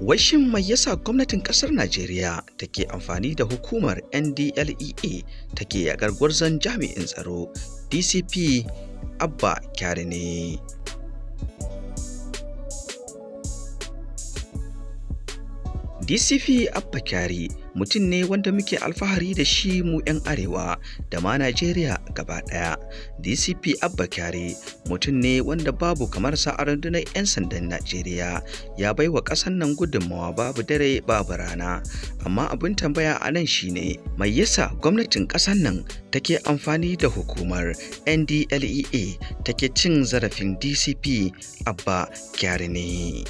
Washin mai yasa gwamnatin ƙasar Najeriya take amfani da hukumar NDLEA take yakar gwarzon jami'in tsaro DCP Abba Kyari ne. DCP Abba Kyari mutum ne wanda muke alfahari da shi mu 'yan arewa da ma najeriya gaba ɗaya dcp abba kyare mutum ne wanda babu kamar sa a rundunar 'yan sandan najeriya ya baiwa wa ƙasar nan gudunmawa babu dare babu rana amma abin tambaya a nan shine mai yasa gwamnatin ƙasar nan take amfani da hukumar ndlea take cin zarafin dcp abba kyare ne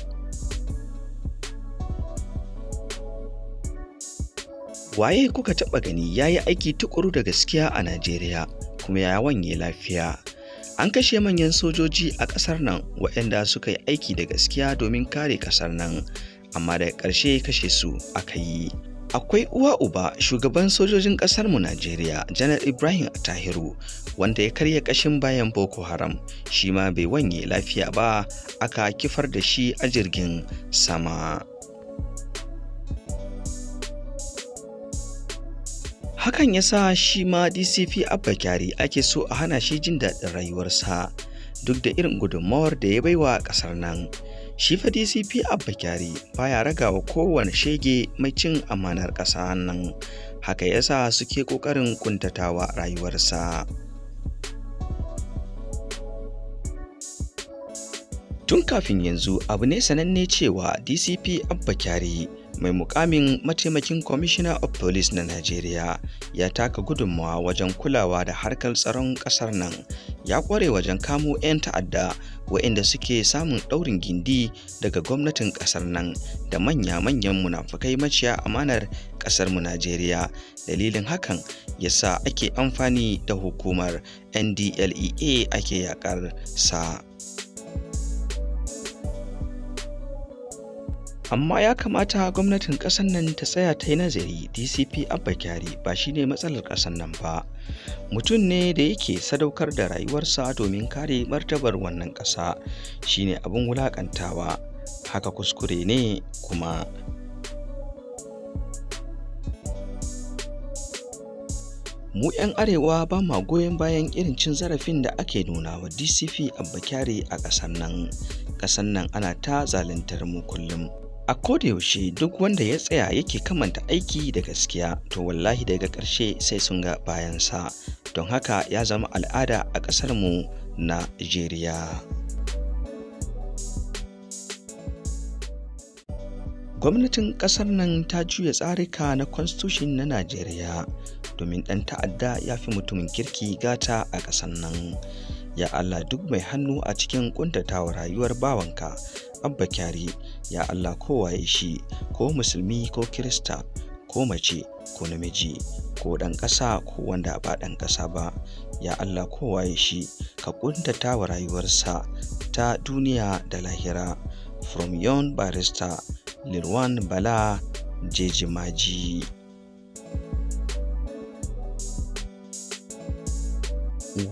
waye kuka taɓa gani ya yi aiki tukuru da gaskiya a najeriya kuma ya wanye lafiya an kashe manyan sojoji a ƙasar nan waɗanda suka yi aiki da gaskiya domin kare ƙasar nan amma da ƙarshe kashe su aka yi akwai uwa uba shugaban sojojin mu najeriya janar ibrahim atahiru wanda ya karya ƙashin bayan boko haram shi ma bai wanye lafiya ba aka kifar da shi a jirgin sama hakan ya sa shi ma dcp abba kyari ake so a hana shi jin daɗin rayuwarsa duk da irin gudunmawar da ya baiwa ƙasar nan shi fa dcp abba kyari baya ragawa kowane shege mai cin amanar ƙasa nan haka ya sa suke ƙoƙarin kuntatawa rayuwarsa tun kafin yanzu abu ne sananne cewa dcp abba kyari mai mukamin mataimakin commissioner of police na Najeriya ya taka gudunmawa wajen kulawa da harkar tsaron kasar nan ya kware wajen kamo 'yan ta'adda waɗanda suke samun ɗaurin gindi daga gwamnatin kasar nan da manya-manyan munafukai maciya amanar kasar mu Najeriya dalilin hakan yasa ake amfani da hukumar NDLEA ake yakar sa amma ya kamata gwamnatin ƙasar nan ta tsaya ta yi nazari dcp abba kyari ba shi ne matsalar ƙasar nan ba mutum ne da yake sadaukar da rayuwarsa domin kare martabar wannan ƙasa shine abin wulaƙantawa haka kuskure ne kuma mu 'yan arewa ba ma goyon bayan irin cin zarafin da ake nuna wa dcp abba kyari a ƙasar nan ƙasar nan ana ta zaluntar mu kullum a kodayaushe duk wanda ya tsaya yake kamanta aiki da gaskiya to wallahi daga ƙarshe sai sun ga bayansa don haka ya zama al'ada a ƙasarmu najeriya gwamnatin ƙasar nan ta juya tsarika na constitution na najeriya domin ɗan ta'adda ya fi mutumin kirki gata a ƙasar nan ya allah duk mai hannu a cikin ƙuntatawa rayuwar bawanka abba kyari ya allah kowaye shi ko musulmi ko kirista ko mace ko namiji ko ɗan ƙasa ko wanda ba ɗan ƙasa ba ya allah kowaye shi ka ƙuntata wa rayuwarsa ta duniya da lahira from yon barista lirwan bala jejimaji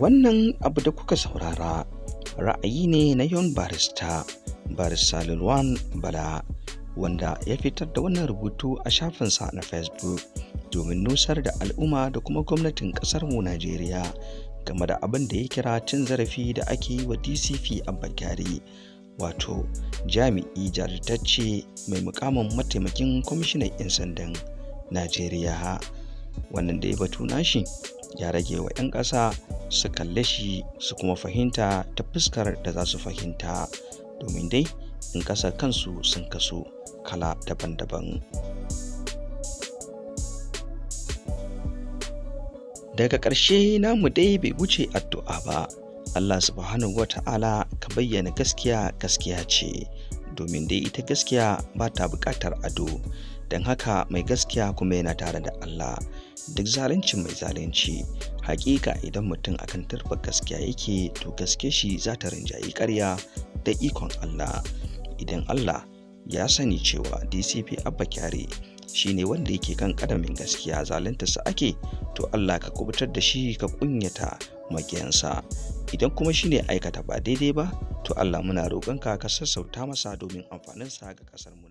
wannan abu da kuka saurara ra'ayi ne na yon barista barista Lilwan Bala wanda ya fitar da wannan rubutu a shafinsa na Facebook domin nusar da al'umma da kuma gwamnatin ƙasarmu Najeriya game da abin da ya kira cin zarafi da ake yi wa DCP a Abba wato jami'i jaritacce mai mukamin mataimakin kwamishinan 'yan sandan Najeriya wannan da ya batu nashi ya rage wa 'yan ƙasa su kalle shi su kuma fahimta ta fuskar da za su fahimta. domin dai in ƙasa kansu sun kaso kala daban-daban daga ƙarshe namu dai bai wuce addu'a ba Allah subhanahu wa ta'ala ka bayyana gaskiya gaskiya ce domin dai ita gaskiya ba ta buƙatar ado don haka mai gaskiya kuma yana tare da Allah duk zalunci mai zalunci Haƙiƙa idan mutum akan tarfa gaskiya yake to gaske shi za ta rinjayi ƙarya da ikon Allah idan Allah ya sani cewa DCP Abba Kyare shi ne wanda yake kan kadamin gaskiya zalunta su ake to Allah ka kubutar da shi ka kunyata makiyansa idan kuma shi ne aikata ba daidai ba to Allah muna roƙonka ka sassauta masa domin amfanin sa ga ƙasar mu